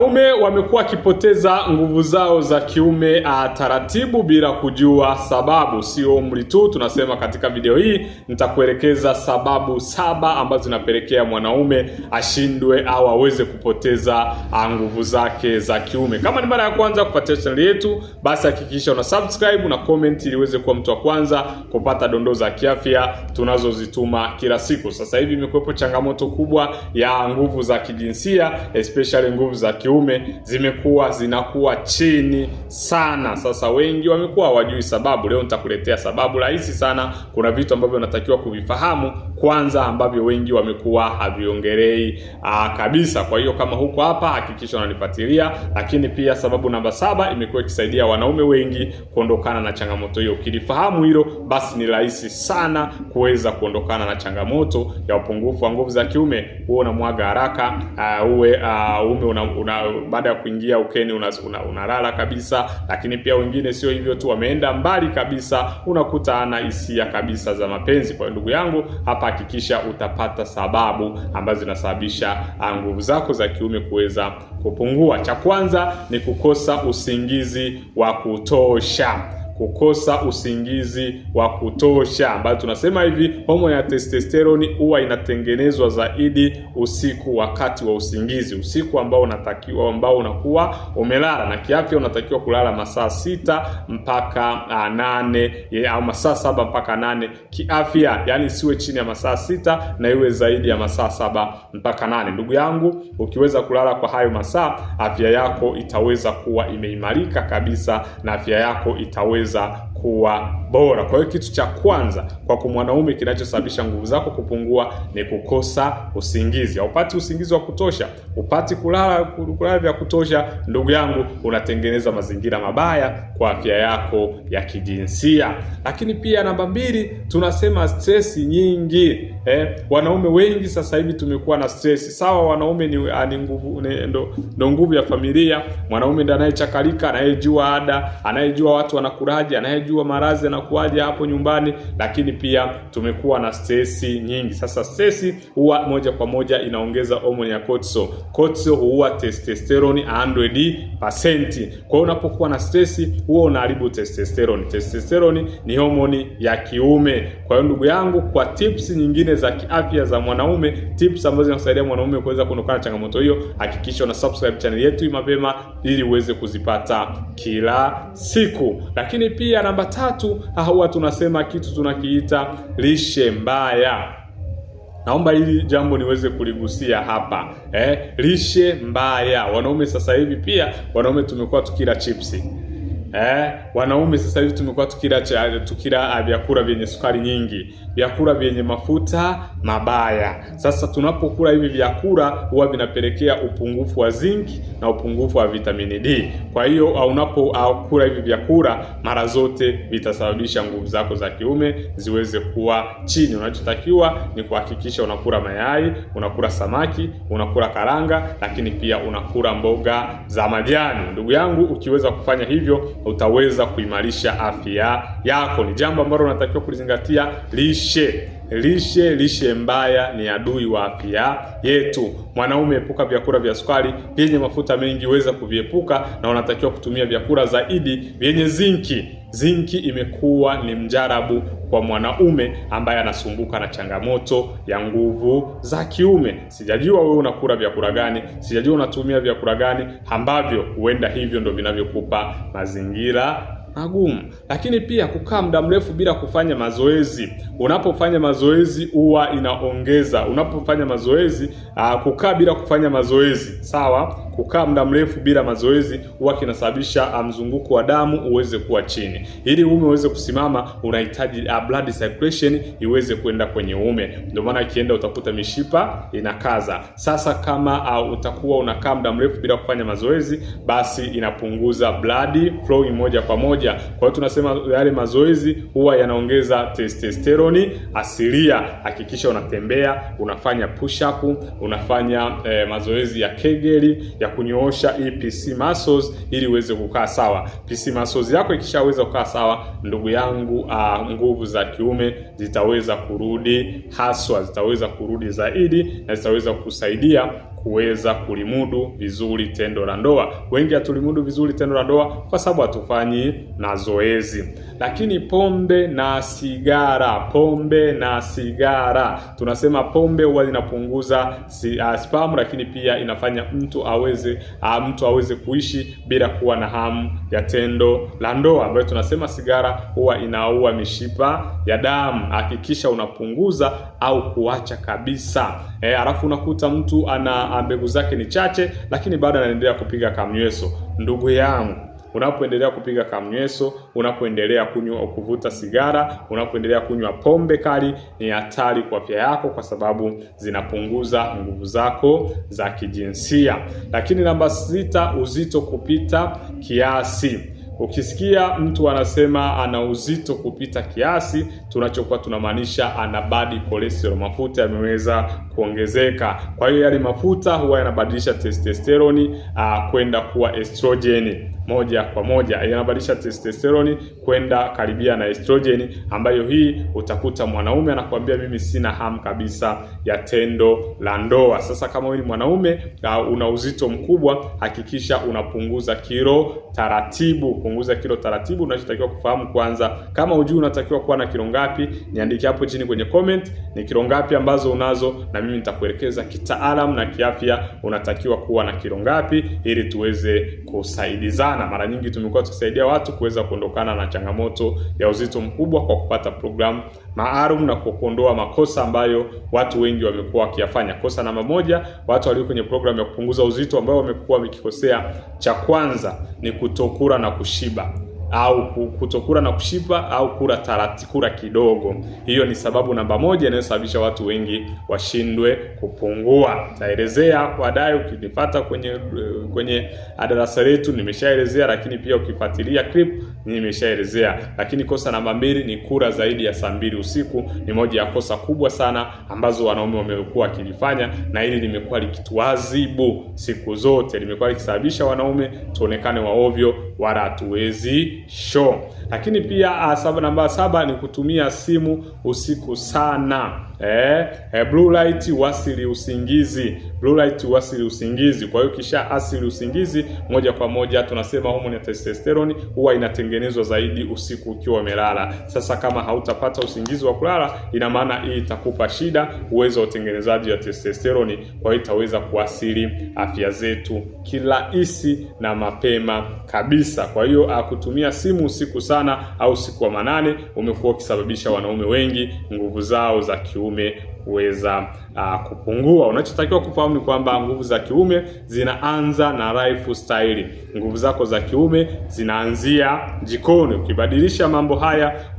Wanaume wamekuwa wakipoteza nguvu zao za kiume ah, taratibu bila kujua sababu. Sio umri tu, tunasema katika video hii nitakuelekeza sababu saba ambazo zinapelekea mwanaume ashindwe au aweze kupoteza ah, nguvu zake za kiume. Kama ni mara ya kwanza kufuatia chaneli yetu, basi hakikisha una subscribe na comment ili uweze kuwa mtu wa kwanza kupata dondoo za kiafya tunazozituma kila siku. Sasa hivi imekuwepo changamoto kubwa ya nguvu za kijinsia especially nguvu za kiume kiume zimekuwa zinakuwa chini sana. Sasa wengi wamekuwa hawajui sababu. Leo nitakuletea sababu rahisi sana. Kuna vitu ambavyo unatakiwa kuvifahamu kwanza, ambavyo wengi wamekuwa haviongelei ah, kabisa. Kwa hiyo kama huko hapa, hakikisha unanifuatilia. Lakini pia sababu namba saba imekuwa ikisaidia wanaume wengi kuondokana na changamoto hiyo. Ukilifahamu hilo basi ni rahisi sana kuweza kuondokana na changamoto ya upungufu wa nguvu za kiume. Huwe unamwaga haraka uh, uwe uh, ume una, una, baada ya kuingia ukeni unalala una, una kabisa. Lakini pia wengine sio hivyo tu, wameenda mbali kabisa, unakuta ana hisia kabisa za mapenzi. Kwa hiyo ndugu yangu, hapa hakikisha utapata sababu ambazo zinasababisha uh, nguvu zako za kiume kuweza kupungua. Cha kwanza ni kukosa usingizi wa kutosha kukosa usingizi wa kutosha, ambayo tunasema hivi homoni ya testosterone huwa inatengenezwa zaidi usiku, wakati wa usingizi, usiku ambao unatakiwa ambao unakuwa umelala, na kiafya unatakiwa kulala masaa sita mpaka ah, nane au masaa saba mpaka nane kiafya, yani siwe chini ya masaa sita na iwe zaidi ya masaa saba mpaka nane. Ndugu yangu, ukiweza kulala kwa hayo masaa, afya yako itaweza kuwa imeimarika kabisa na afya yako itaweza analisar kuwa bora. Kwa hiyo kitu cha kwanza kwa mwanaume kinachosababisha nguvu zako kupungua ni kukosa usingizi. Haupati usingizi wa kutosha, upati kulala kulala vya kutosha, ndugu yangu, unatengeneza mazingira mabaya kwa afya yako ya kijinsia. Lakini pia namba mbili, tunasema stress nyingi. Eh, wanaume wengi sasa hivi tumekuwa na stress. Sawa, wanaume ni, ah, ni nguvu ndo nguvu ya familia. Mwanaume ndiye anayechakalika, anayejua ada, anayejua watu wanakuraje, anayejua hajajua maradhi yanakuaje hapo nyumbani, lakini pia tumekuwa na stress nyingi. Sasa stress huwa moja kwa moja inaongeza homoni ya cortisol. Cortisol huwa testosterone 100%. Kwa hiyo unapokuwa na stress huwa unaharibu testosterone. Testosterone ni homoni ya kiume. Kwa hiyo ndugu yangu, kwa tips nyingine za kiafya za mwanaume, tips ambazo zinasaidia mwanaume kuweza kuondokana na changamoto hiyo, hakikisha una subscribe channel yetu mapema ili uweze kuzipata kila siku, lakini pia namba namba tatu, ah, huwa tunasema kitu tunakiita lishe mbaya. Naomba hili jambo niweze kuligusia hapa eh, lishe mbaya. Wanaume sasa hivi pia, wanaume tumekuwa tukila chipsi Eh, wanaume sasa hivi tumekuwa tukila tukila ah, vyakula vyenye sukari nyingi, vyakula vyenye mafuta mabaya. Sasa tunapokula hivi vyakula huwa vinapelekea upungufu wa zinc na upungufu wa vitamini D. Kwa hiyo ah, unapokula ah, hivi vyakula mara zote vitasababisha nguvu zako za kiume ziweze kuwa chini. Unachotakiwa ni kuhakikisha unakula mayai, unakula samaki, unakula karanga, lakini pia unakula mboga za majani. Ndugu yangu, ukiweza kufanya hivyo utaweza kuimarisha afya yako. Ni jambo ambalo unatakiwa kulizingatia. Lishe, lishe, lishe mbaya ni adui wa afya yetu. Mwanaume, epuka vyakula vya sukari, vyenye mafuta mengi, weza kuviepuka, na unatakiwa kutumia vyakula zaidi vyenye zinki. Zinki imekuwa ni mjarabu kwa mwanaume ambaye anasumbuka na changamoto ya nguvu za kiume. Sijajua wewe unakula vyakula gani, sijajua unatumia vyakula gani ambavyo huenda hivyo ndio vinavyokupa mazingira magumu. Lakini pia kukaa muda mrefu bila kufanya mazoezi. Unapofanya mazoezi huwa inaongeza, unapofanya mazoezi kukaa bila kufanya mazoezi sawa kukaa muda mrefu bila mazoezi huwa kinasababisha ah, mzunguko wa damu uweze kuwa chini. Ili uume uweze kusimama, unahitaji ah, blood circulation iweze kwenda kwenye uume, ndio maana ikienda utakuta mishipa inakaza. Sasa kama uh, utakuwa unakaa muda mrefu bila kufanya mazoezi, basi inapunguza blood flow moja kwa moja. Kwa hiyo tunasema yale mazoezi huwa yanaongeza testosterone asilia. Hakikisha unatembea, unafanya push up, unafanya eh, mazoezi ya kegeli ya kunyoosha hii PC muscles ili iweze kukaa sawa. PC muscles yako ikishaweza kukaa sawa, ndugu yangu, uh, nguvu za kiume zitaweza kurudi haswa, zitaweza kurudi zaidi na zitaweza kusaidia kuweza kulimudu vizuri tendo la ndoa. Wengi hatulimudu vizuri tendo la ndoa kwa sababu hatufanyi na zoezi. Lakini pombe na sigara, pombe na sigara, tunasema pombe huwa inapunguza si, uh, spamu, lakini pia inafanya mtu aweze uh, mtu aweze kuishi bila kuwa na hamu ya tendo la ndoa, ambayo tunasema sigara huwa inaua mishipa ya damu. Hakikisha unapunguza au kuacha kabisa. E, alafu unakuta mtu ana mbegu zake ni chache, lakini bado anaendelea kupiga kamnyweso. Ndugu yangu, unapoendelea kupiga kamnyweso, unapoendelea kunywa kuvuta sigara, unapoendelea kunywa pombe kali, ni hatari kwa afya yako, kwa sababu zinapunguza nguvu zako za kijinsia. Lakini namba sita, uzito kupita kiasi. Ukisikia mtu anasema ana uzito kupita kiasi, tunachokuwa tunamaanisha ana badi cholesterol, mafuta yameweza kuongezeka. Kwa hiyo yale mafuta huwa yanabadilisha testosterone ah, kwenda kuwa estrogeni moja kwa moja, inabadilisha testosterone kwenda karibia na estrogen, ambayo hii utakuta mwanaume anakuambia mimi sina hamu kabisa ya tendo la ndoa. Sasa kama wewe ni mwanaume una uzito mkubwa, hakikisha unapunguza kilo taratibu, punguza kilo taratibu. Unachotakiwa kufahamu kwanza, kama ujui unatakiwa kuwa na kilo ngapi, niandike hapo chini kwenye comment ni kilo ngapi ambazo unazo, na mimi nitakuelekeza kitaalamu na kiafya unatakiwa kuwa na kilo ngapi, ili tuweze kusaidizana na mara nyingi tumekuwa tukisaidia watu kuweza kuondokana na changamoto ya uzito mkubwa kwa kupata programu maalum na kuondoa makosa ambayo watu wengi wamekuwa wakiyafanya. Kosa namba moja, watu walio kwenye programu ya kupunguza uzito ambao wamekuwa wamekikosea, cha kwanza ni kutokula na kushiba au kutokula na kushiba au kula tarati, kula kidogo. Hiyo ni sababu namba moja inayosababisha watu wengi washindwe kupungua. Taelezea wadai ukinipata kwenye kwenye darasa letu, nimeshaelezea lakini pia ukifuatilia clip nimeshaelezea. Lakini kosa namba mbili ni kura zaidi ya saa mbili usiku, ni moja ya kosa kubwa sana ambazo wanaume wamekuwa wakilifanya, na hili limekuwa likituazibu siku zote, limekuwa likisababisha wanaume tuonekane waovyo wala hatuwezi show. Lakini pia ah, saba, namba saba ni kutumia simu usiku sana. Eh, eh, blue light wasili usingizi, blue light wasili usingizi. Kwa hiyo kisha asili usingizi moja kwa moja tunasema homoni ya testosterone huwa inatengenezwa kutengenezwa zaidi usiku ukiwa umelala. Sasa kama hautapata usingizi wa kulala, ina maana hii itakupa shida uwezo wa utengenezaji wa testosterone, kwa hiyo itaweza kuathiri afya zetu kirahisi na mapema kabisa. Kwa hiyo akutumia ah, simu usiku sana au usiku wa manane umekuwa ukisababisha wanaume wengi nguvu zao za kiume kuweza uh, kupungua. Unachotakiwa kufahamu ni kwamba nguvu za kiume zinaanza na lifestyle. Nguvu zako za kiume zinaanzia jikoni. Ukibadilisha mambo haya